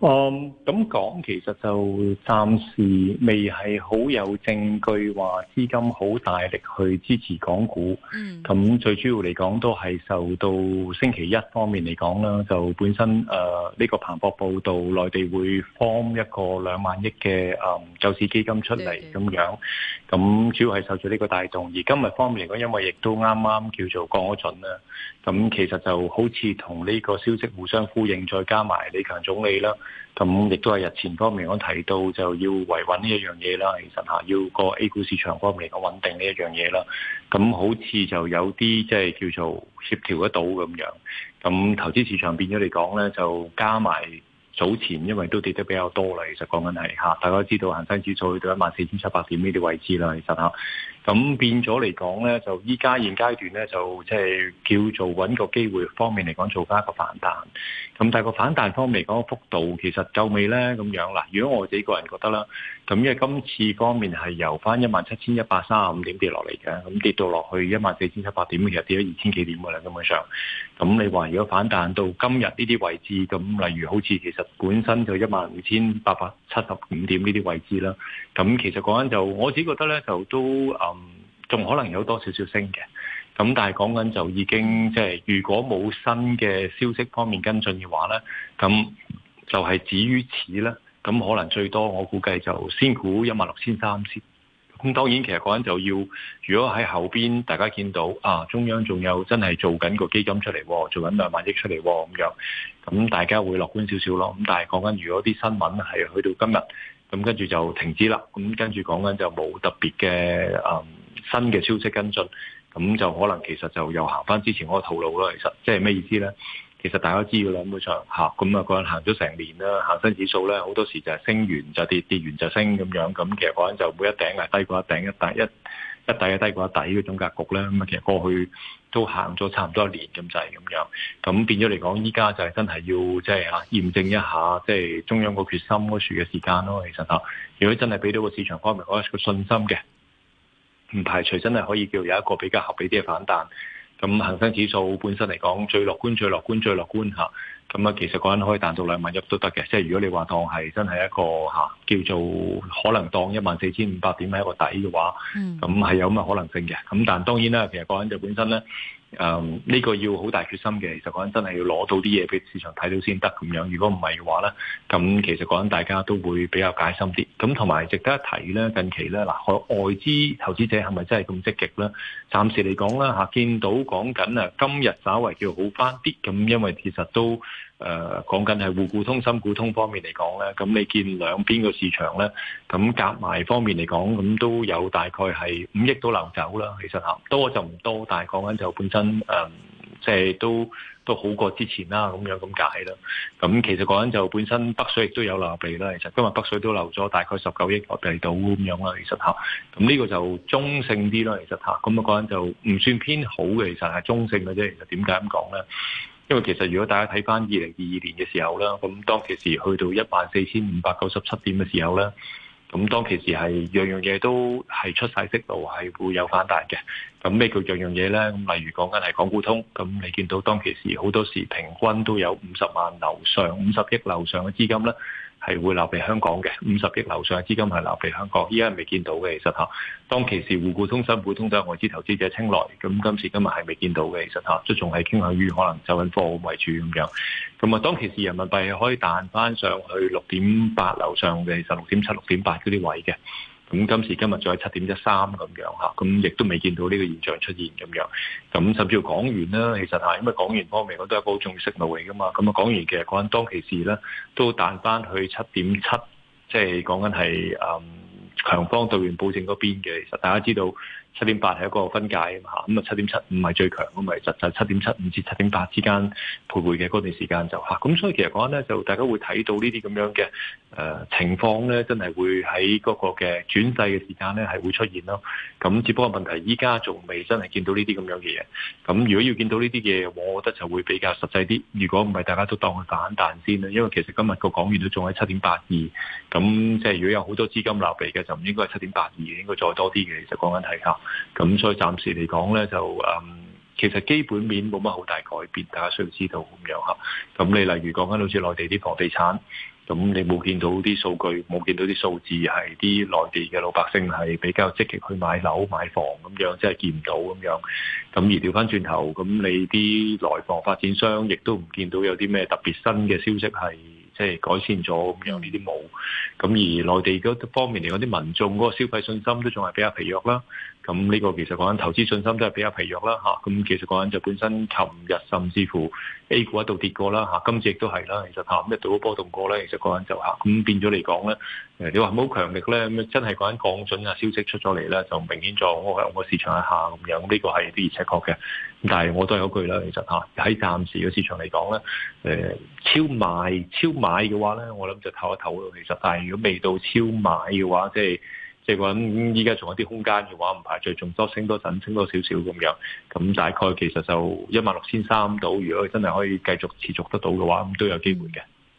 嗯，咁講其實就暫時未係好有證據話資金好大力去支持港股。嗯，咁最主要嚟講都係受到星期一方面嚟講啦，就本身呢、呃、這個彭博報道，內地會放一個兩萬億嘅就救市基金出嚟咁、嗯、樣。咁主要係受住呢個帶動，而今日方面嚟講，因為亦都啱啱叫做降咗準啦，咁其實就好似同呢個消息互相呼應，再加埋李強總理啦，咁亦都係日前方面我提到，就要維穩呢一樣嘢啦。其實吓，要個 A 股市場方面嚟講穩定呢一樣嘢啦，咁好似就有啲即係叫做協調得到咁樣，咁投資市場變咗嚟講咧，就加埋。早前因為都跌得比較多啦，其實講緊係大家知道恆生指數去到一萬四千七百點呢啲位置啦，其實咁變咗嚟講咧，就依家現階段咧，就即係叫做搵個機會方面嚟講做翻一個反彈，咁但係個反彈方面講個幅度其實就未咧咁樣啦。如果我自己個人覺得啦，咁因為今次方面係由翻一萬七千一百三十五點跌落嚟嘅，咁跌到落去一萬四千七百點，其實跌咗二千幾點嘅啦，根本上。咁你話如果反彈到今日呢啲位置，咁例如好似其實本身就一萬五千八百七十五點呢啲位置啦，咁其實講緊就，我自己覺得呢，就都嗯，仲可能有多少少升嘅，咁但係講緊就已經即係如果冇新嘅消息方面跟進嘅話呢，咁就係止於此啦，咁可能最多我估計就先估一萬六千三先。咁當然，其實講緊就要，如果喺後邊，大家見到啊，中央仲有真係做緊個基金出嚟，做緊兩萬億出嚟咁樣，咁大家會樂觀少少咯。咁但係講緊，如果啲新聞係去到今日，咁跟住就停止啦。咁跟住講緊就冇特別嘅、嗯、新嘅消息跟進，咁就可能其實就又行翻之前嗰個套路咯。其實即係咩意思呢？其實大家知嘅啦，冇錯嚇，咁啊個人行咗成年啦，行新指數咧，好多時就係升完就跌，跌完就升咁樣，咁其實個人就每一頂係低過一頂，一底一一底嘅低過一底嗰種格局咧，咁、嗯、啊其實過去都行咗差唔多一年咁滯咁樣，咁變咗嚟講，依家就係真係要即係嚇驗證一下，即係中央個決心嗰時嘅時間咯。其實嚇，如果真係俾到個市場方面有一個信心嘅，唔排除真係可以叫有一個比較合理啲嘅反彈。咁恒生指數本身嚟講，最樂觀、最樂觀、最樂觀吓。咁啊其實個人可以彈到兩萬一都得嘅，即係如果你話，當係真係一個吓叫做可能當一萬四千五百點喺一個底嘅話，咁係、嗯、有咁嘅可能性嘅。咁但當然啦，其實個人就本身咧。誒，呢個要好大決心嘅，其實講緊真係要攞到啲嘢俾市場睇到先得咁樣。如果唔係嘅話咧，咁其實講緊大家都會比較解心啲。咁同埋值得一提咧，近期咧嗱，外資投資者係咪真係咁積極咧？暫時嚟講啦，吓，見到講緊啊，今日稍微叫好返啲，咁因為其實都。誒，講緊係滬股通、深股通方面嚟講咧，咁你見兩邊個市場咧，咁夾埋方面嚟講，咁都有大概係五億都流走啦。其實吓，多就唔多，但係講緊就本身誒，即係都都好過之前啦。咁樣咁解啦。咁其實講緊就本身北水亦都有流落嚟啦。其實今日北水都流咗大概十九億落地到咁樣啦。其實吓，咁呢個就中性啲啦。其實吓，咁樣講就唔算偏好嘅，其實係中性嘅啫。其實點解咁講咧？因為其實如果大家睇翻二零二二年嘅時候啦，咁當其時去到一萬四千五百九十七點嘅時候咧，咁當其時係樣樣嘢都係出晒息路，係會有反彈嘅。咁咩叫樣樣嘢咧？咁例如講緊係港股通，咁你見到當其時好多時平均都有五十萬樓上五十億樓上嘅資金啦。係會留俾香港嘅五十億樓上嘅資金，係留俾香港，依家未見到嘅其實嚇，當其時滬股通心、深股通都係外資投資者青睞，咁今時今日係未見到嘅其實嚇。即係仲係傾向於可能走緊貨幣為主咁樣。咁啊，當其時人民幣可以彈翻上去六點八樓上嘅十六點七、六點八嗰啲位嘅。咁今時今日再七點一三咁樣，咁亦都未見到呢個現象出現咁樣。咁甚至乎港元完啦，其實嚇，因為港元方面我都係一個重要訊號嚟噶嘛。咁啊，港元完其實講緊當其時咧，都彈翻去七點七，即係講緊係強方兌換保證嗰邊嘅，其實大家知道七點八係一個分界啊嘛，咁啊，七點七五係最強咁，咪就就七點七五至七點八之間徘徊嘅嗰段時間就嚇，咁所以其實講咧就大家會睇到呢啲咁、呃、呢啲咁樣嘅誒情況咧，真係會喺嗰個嘅轉勢嘅時間咧係會出現咯。咁只不過問題依家仲未真係見到呢啲咁樣嘅嘢。咁如果要見到呢啲嘢，我覺得就會比較實際啲。如果唔係，大家都當佢反彈先啦。因為其實今日個港元都仲喺七點八二，咁即係如果有好多資金流嚟嘅就。應該係七點八二，應該再多啲嘅。其實講緊睇下，咁所以暫時嚟講呢，就嗯其實基本面冇乜好大改變，大家需要知道咁樣吓。咁你例如講緊好似內地啲房地產，咁你冇見到啲數據，冇見到啲數字係啲內地嘅老百姓係比較積極去買樓買房咁樣，即係見唔到咁樣。咁而調翻轉頭，咁你啲內房發展商亦都唔見到有啲咩特別新嘅消息係。即係改善咗咁樣呢啲冇，咁而內地嗰方面嚟講，啲民眾嗰個消費信心都仲係比較疲弱啦。咁呢個其實講緊投資信心都係比較疲弱啦咁、啊、其實講緊就本身琴日甚至乎 A 股一度跌過啦嚇，今次亦都係啦，其實嚇咁度都波動過咧，其實講緊就嚇，咁、啊、變咗嚟講咧，誒、呃、你話好強力咧、啊，真係講緊降準啊消息出咗嚟咧，就明顯撞喎、那個，我、那個市場係下咁樣，呢、這個係的而且確嘅。咁但係我都係嗰句啦，其實吓喺、啊、暫時嘅市場嚟講咧，超賣超買嘅話咧，我諗就唞一唞，咯，其實，但係如果未到超買嘅話，即係。即係講依家仲有啲空間嘅話，唔排除仲多升多陣，升多少少咁樣。咁大概其實就一萬六千三到。如果佢真係可以繼續持續得到嘅話，咁都有機會嘅。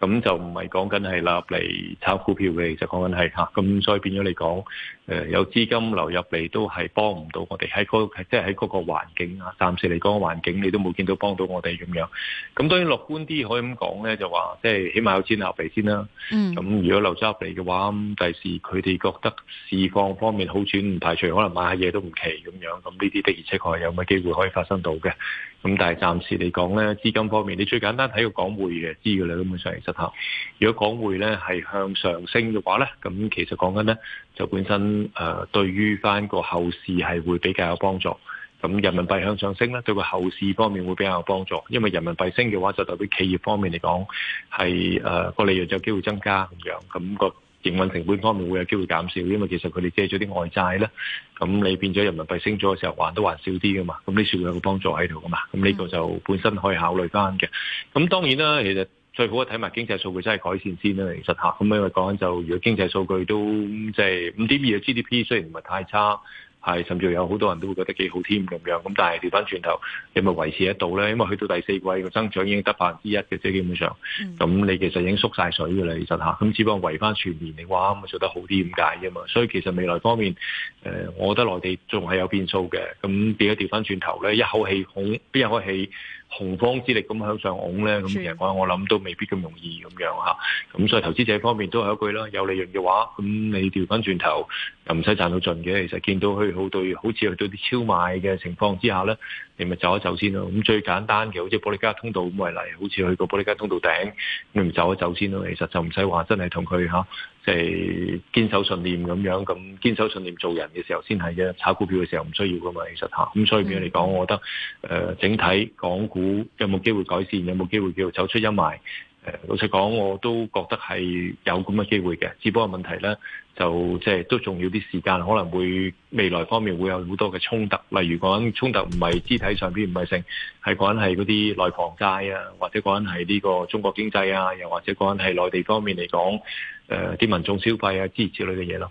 咁就唔係講緊係立嚟炒股票嘅，就講緊係嚇。咁所以變咗嚟講，誒有資金流入嚟都係幫唔到我哋喺嗰即係喺嗰個環境啊。暫時嚟講，環境你都冇見到幫到我哋咁樣。咁當然樂觀啲可以咁講咧，就話即係起碼有錢立嚟先啦。嗯。咁如果流咗入嚟嘅話，咁第時佢哋覺得市況方面好轉，唔排除可能買下嘢都唔奇咁樣。咁呢啲的而且確係有咩機會可以發生到嘅。咁但係暫時嚟講咧，資金方面你最簡單睇個港匯嘅資料嚟根本上。實行，如果港匯咧係向上升嘅話咧，咁其實講緊咧就本身誒、呃、對於翻個後市係會比較有幫助。咁人民幣向上升咧，對個後市方面會比較有幫助，因為人民幣升嘅話就代表企業方面嚟講係誒個利潤就有機會增加咁樣。咁個營運成本方面會有機會減少，因為其實佢哋借咗啲外債咧，咁你變咗人民幣升咗嘅時候還都還少啲噶嘛。咁呢啲會有個幫助喺度噶嘛。咁呢個就本身可以考慮翻嘅。咁當然啦，其實。最好睇埋經濟數據真係改善先啦，其實嚇咁因為講就如果經濟數據都即係五點二嘅 GDP 雖然唔係太差，係甚至有好多人都會覺得幾好添咁樣，咁但係調翻轉頭你咪維持得到咧，因為去到第四季個增長已經得百分之一嘅啫，基本上咁你其實已經縮晒水嘅啦，其實嚇咁只不過維翻全年你話咁咪做得好啲咁解啫嘛，所以其實未來方面誒，我覺得內地仲係有變數嘅，咁變咗調翻轉頭咧一口氣好邊一口氣？洪荒之力咁向上拱呢，咁的其實我我諗都未必咁容易咁樣嚇，咁所以投資者方面都係一句啦，有利潤嘅話，咁你調翻轉頭又唔使賺到盡嘅。其實見到佢好對，好似去到啲超賣嘅情況之下呢，你咪走一走先咯。咁最簡單嘅，好似保歷加通道咁為例，好似去到保歷加通道頂，你咪走一走先咯。其實就唔使話真係同佢即係堅守信念咁樣，咁堅守信念做人嘅時候先係嘅。炒股票嘅時候唔需要噶嘛，其實咁、嗯、所以點樣嚟講？我覺得誒整體港股有冇機會改善，有冇機會叫走出陰霾？誒老實講，我都覺得係有咁嘅機會嘅。只不過問題咧，就即係都仲要啲時間，可能會未來方面會有好多嘅衝突。例如講衝突唔係肢體上面唔係性，係講緊係嗰啲內房債啊，或者講緊係呢個中國經濟啊，又或者講緊係內地方面嚟講。誒，啲、呃、民眾消費啊、支持之類嘅嘢咯。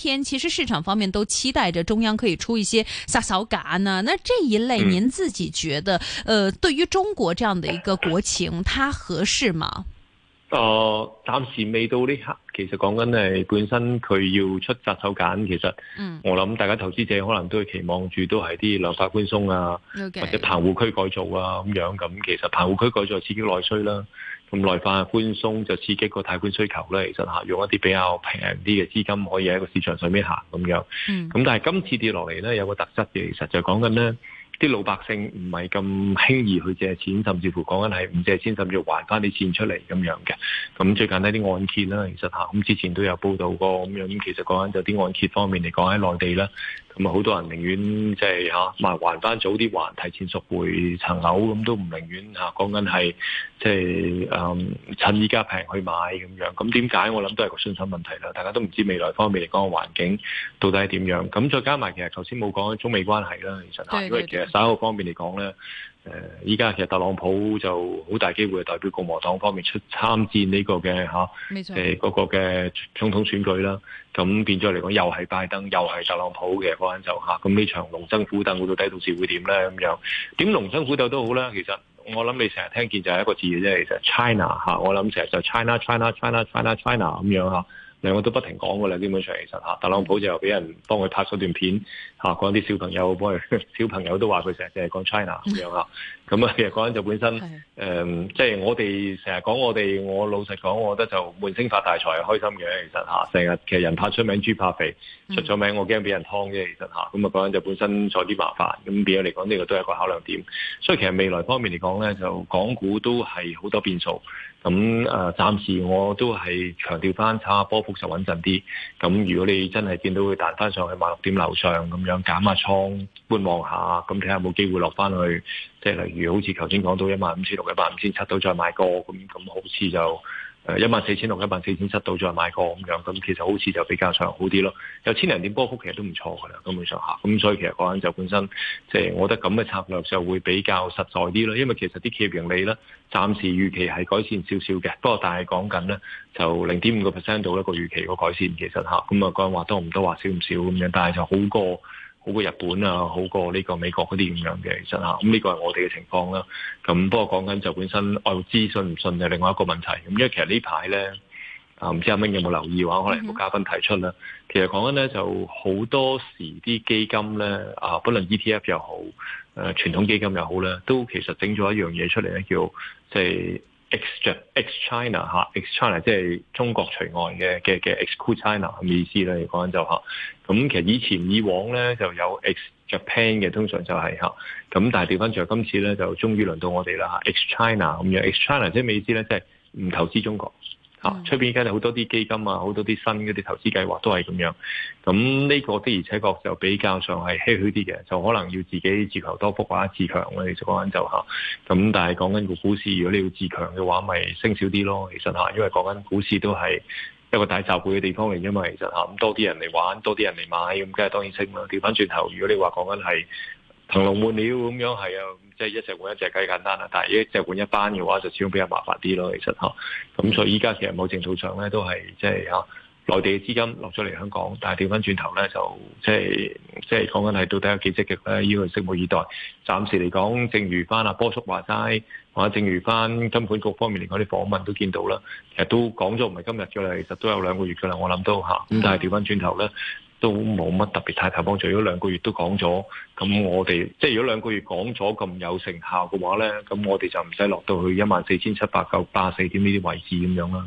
天其實市場方面都期待着中央可以出一些殺手鐧呢，那這一類您自己覺得，嗯、呃，對於中國這樣的一個國情，呃、它合適嗎？呃，暫時未到呢刻，其實講緊係本身佢要出殺手鐧，其實，我諗大家投資者可能都會期望住都係啲樓價寬鬆啊，okay, 或者棚戶區改造啊咁樣，咁其實棚戶區改造刺激內需啦。咁量化寬鬆就刺激個貸款需求咧，其實嚇用一啲比較平啲嘅資金可以喺個市場上面行咁樣。嗯。咁但係今次跌落嚟咧，有個特質嘅，其實就係講緊咧。啲老百姓唔係咁輕易去借錢，甚至乎講緊係唔借錢，甚至要還翻啲錢出嚟咁樣嘅。咁最簡單啲按揭啦，其實吓，咁之前都有報道過咁樣。咁其實講緊就啲按揭方面嚟講喺內地啦，咁啊好多人寧願即係嚇，咪、啊、還翻早啲還，提前贖回層樓咁，都唔寧願嚇講緊係即係誒趁依家平去買咁樣。咁點解我諗都係個信心問題啦，大家都唔知未來方面嚟講個環境到底係點樣。咁再加埋其實頭先冇講中美關係啦，其實嚇，因為其實。第一個方面嚟講咧，誒，依家其實特朗普就好大機會係代表共和黨方面出參戰呢個嘅嚇，誒，嗰個嘅總統選舉啦，咁變咗嚟講又係拜登又係特朗普嘅嗰陣就嚇，咁呢場龍爭虎鬥到底到時會點咧咁樣呢？點龍爭虎鬥都好啦，其實我諗你成日聽見就係一個字嘅啫，其實 China 嚇，我諗成日就 China, China China China China China 咁樣嚇，兩個都不停講㗎啦，基本上其實嚇，特朗普就又俾人幫佢拍咗段片。嚇講啲小朋友，幫小朋友都話佢成日淨係講 China 咁樣啦。咁啊，其實講緊就本身誒的、嗯，即係我哋成日講我哋，我老實講，我覺得就悶聲發大財係開心嘅。其實嚇，成日其實人怕出名，豬怕肥，出咗名我驚俾人劏啫。其實嚇，咁啊講緊就本身有啲麻煩，咁變咗嚟講呢個都係一個考量點。所以其實未來方面嚟講咧，就港股都係好多變數。咁誒、呃，暫時我都係強調翻炒波幅就穩陣啲。咁如果你真係見到佢彈翻上去萬六點樓上咁樣。想減下倉，觀望下，咁睇下有冇機會落翻去，即係例如好似頭先講到一萬五千六、一萬五千七都再買過咁咁好似就。誒，一萬四千六、一萬四千七到咗買過咁樣，咁其實好似就比較上好啲咯。有千零點波幅其實都唔錯㗎啦，根本上嚇。咁所以其實講緊就本身，即係我覺得咁嘅策略就會比較實在啲咯。因為其實啲企業盈利咧，暫時預期係改善少少嘅。不過但係講緊咧，就零點五個 percent 到一個預期個改善其實下咁啊，講話多唔多話少唔少咁樣，但係就好過。好過日本啊，好過呢個美國嗰啲咁樣嘅，其實嚇，咁、啊、呢、嗯這個係我哋嘅情況啦。咁不過講緊就本身愛護資訊唔信就另外一個問題。咁因為其實呢排咧啊，唔知阿明 n 有冇留意話話，可能有個嘉賓提出啦。Mm hmm. 其實講緊咧就好多時啲基金咧啊，不論 ETF 又好，誒、啊、傳統基金又好咧，都其實整咗一樣嘢出嚟咧，叫即係。ex Japan ex China 嚇 ex China 即係中國除外嘅嘅嘅 exclude China 咁意思啦，嚟講就嚇。咁其實以前以往咧就有 ex Japan 嘅，通常就係、是、嚇。咁但係調翻轉，今次咧就終於輪到我哋啦嚇。ex China 咁樣 ex China 即係咩意思咧？即係唔投資中國。啊！出邊而家咧好多啲基金啊，好多啲新嗰啲投資計劃都係咁樣。咁呢個的而且確就比較上係唏噓啲嘅，就可能要自己自求多福啊，自強啦。其實講緊就嚇，咁但係講緊個股市，如果你要自強嘅話，咪升少啲咯。其實嚇，因為講緊股市都係一個大集會嘅地方嚟啫嘛。其實嚇，咁多啲人嚟玩，多啲人嚟買，咁梗係當然升啦。調翻轉頭，如果你話講緊係。騰籠換鳥咁樣係啊，即係一隻換一隻係簡單啦，但係一隻換一班嘅話就始終比較麻煩啲咯。其實咁所以依家其實某程度上咧，都係即係啊，內地嘅資金落咗嚟香港，但係調翻轉頭咧就即係即係講緊係到底有幾積極咧，依個拭目以待。暫時嚟講，正如翻阿波叔話齋，或者正如翻金管局方面連嗰啲訪問都見到啦，其實都講咗唔係今日㗎啦，其實都有兩個月㗎啦。我諗都吓，咁但係調翻轉頭咧。Mm hmm. 都冇乜特別太大幫助，如果兩個月都講咗，咁我哋即係如果兩個月講咗咁有成效嘅話咧，咁我哋就唔使落到去一萬四千七百九八四點呢啲位置咁樣啦。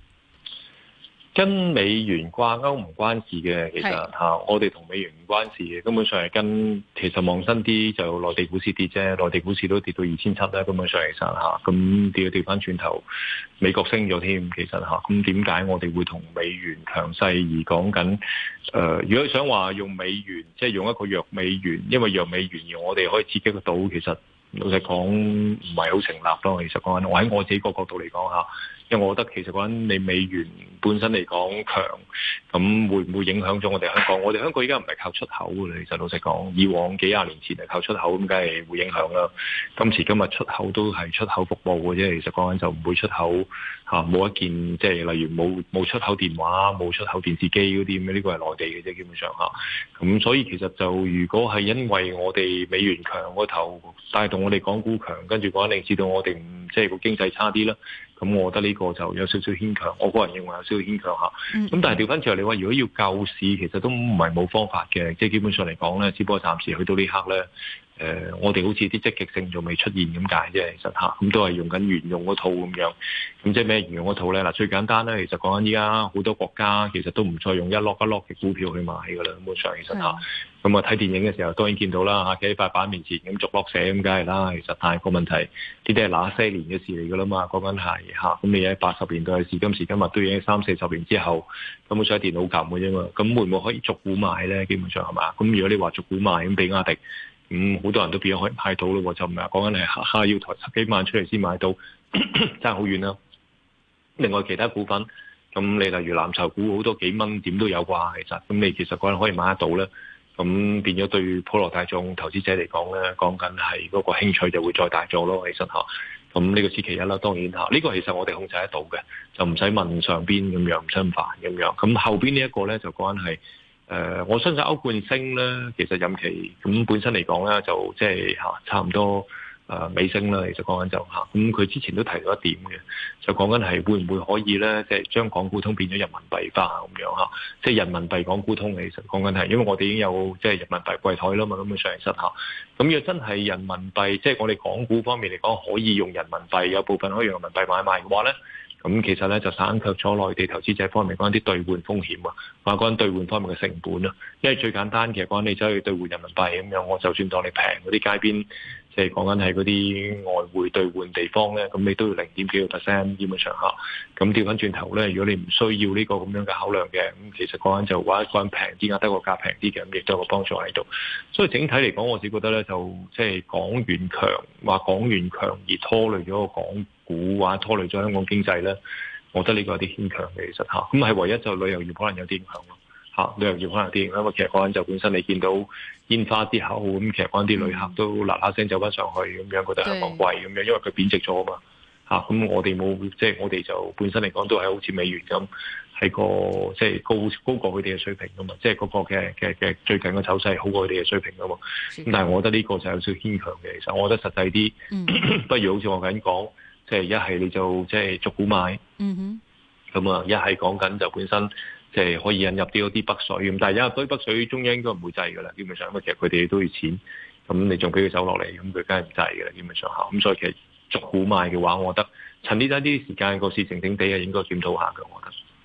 跟美元掛鈎唔關事嘅，其實是、啊、我哋同美元唔關事嘅，根本上係跟其實望真啲就內地股市跌啫，內地股市都跌到二千七啦，根本上其實嚇，咁跌又跌翻轉頭，美國升咗添，其實咁點解我哋會同美元強勢而講緊？誒、呃，如果你想話用美元，即、就、係、是、用一個弱美元，因為弱美元而我哋可以刺激到，其實老實講唔係好成立咯。其實講緊，我喺我自己個角度嚟講因為我覺得其實講緊你美元本身嚟講強，咁會唔會影響咗我哋香港？我哋香港依家唔係靠出口嘅，其實老實講，以往幾廿年前係靠出口，咁梗係會影響啦。今時今日出口都係出口服務嘅啫，其實講緊就唔會出口嚇冇、啊、一件，即係例如冇冇出口電話、冇出口電視機嗰啲咁樣，呢個係內地嘅啫，基本上嚇。咁所以其實就如果係因為我哋美元強嗰頭帶動我哋港股強，跟住講令至到我哋即係個經濟差啲啦。咁我覺得呢個就有少少牽強，我個人認為有少少牽強吓。咁但係調翻轉頭，你話如果要救市，其實都唔係冇方法嘅，即係基本上嚟講呢，只不過暫時去到呢刻呢。誒、呃，我哋好似啲積極性仲未出現咁解啫，其實吓，咁都係用緊原，原用嗰套咁樣，咁即係咩原用嗰套咧？嗱，最簡單咧，其實講緊依家好多國家其實都唔再用一碌一碌嘅股票去買噶啦、啊那個，基本上其實吓，咁啊睇電影嘅時候當然見到啦嚇，企喺白板面前咁逐落寫咁梗係啦。其實但係個問題，呢啲係那些年嘅事嚟噶啦嘛？講緊係嚇，咁你喺八十年代嘅事，今時今日都已經三四十年之後，咁啊上電腦撳嘅啫嘛，咁會唔會可以逐股買咧？基本上係嘛？咁如果你話逐股買咁比亞迪？咁好、嗯、多人都變咗可以買到咯喎，就唔係講緊你哈下要台十幾萬出嚟先買到，差好遠啦。另外其他股份，咁你例如藍籌股好多幾蚊點都有啩，其實咁你其實講緊可以買得到咧。咁變咗對普羅大眾投資者嚟講咧，講緊係嗰個興趣就會再大咗咯。其實嚇，咁呢個是其一啦。當然嚇，呢、這個其實我哋控制得到嘅，就唔使問上邊咁樣唔身煩咁樣。咁後邊呢一個咧就講緊係。誒、呃，我相信歐冠升咧，其實任期咁本身嚟講咧，就即係、就是、差唔多誒尾聲啦。其實講緊就嚇，咁佢之前都提到一點嘅，就講緊係會唔會可以咧，即係將港股通變咗人民幣化咁樣，即係人民幣港股通其實講緊係，因為我哋已經有即係、就是、人民幣櫃台啦嘛，咁樣上嚟實行。咁如果真係人民幣，即、就、係、是、我哋港股方面嚟講可以用人民幣，有部分可以用人民幣買賣嘅話咧。咁其實咧就省卻咗內地投資者方面嗰啲兌換風險啊，或者兌換方面嘅成本啊。因為最簡單嘅講，你走去兌換人民幣咁樣，我就算當你平嗰啲街邊。即係講緊係嗰啲外匯兌換地方咧，咁你都要零點幾個 percent 基本上。吓，咁調翻轉頭咧，如果你唔需要呢個咁樣嘅考量嘅，咁其實講緊就話一個人平啲，或者個價平啲嘅，咁亦都有個幫助喺度。所以整體嚟講，我自己覺得咧，就即係、就是、港元強，話港元強而拖累咗個港股，話拖累咗香港經濟咧，我覺得呢個有啲牽強嘅，其實吓。咁係唯一就旅遊業可能有啲影響咯。嚇，旅遊業可能啲，因為其實講緊就本身你見到煙花之後，咁、嗯嗯嗯、其實講啲旅客都嗱嗱聲走翻上去咁樣，覺得係香港貴咁樣，對因為佢貶值咗啊嘛。咁、啊嗯、我哋冇，即係我哋就本身嚟講都係好似美元咁，係個即係、就是、高高過佢哋嘅水平噶嘛。即係嗰個嘅嘅嘅最近嘅走勢好過佢哋嘅水平噶嘛。咁、嗯、但係我覺得呢個就有少牽強嘅，其實我覺得實際啲、嗯，不如好似我緊講，即係一係你就即係逐股買，咁、嗯、哼啊一係講緊就本身。即係可以引入啲嗰啲北水，咁但係引入啲北水，中央應該唔會制㗎喇。基本上，因為其實佢哋都要錢，咁你仲俾佢走落嚟，咁佢梗係唔制㗎喇。基本上咁、嗯、所以其實逐股賣嘅話，我覺得趁呢啲啲時間個市靜靜地啊，應該檢討下㗎。我覺得。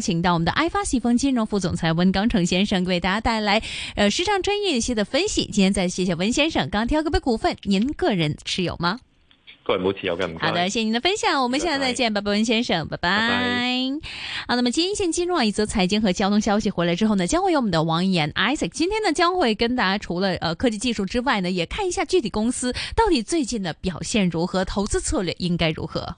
請到我們的愛發信豐金融副總裁溫鋼城先生為大家帶來呃時尚專業一些的分析。今天再謝謝溫先生。剛剛挑個杯股份，您個人持有嗎？個人沒有持有的，我好的，謝謝您的分享。我們下次再見，拜拜，溫先生，拜拜。拜拜。好，那麼今天先進入一則財經和交通消息，回來之後呢，將會有我們的王岩 Isaac。今天呢，將會跟大家除了呃科技技術之外呢，也看一下具體公司到底最近的表現如何，投資策略應該如何。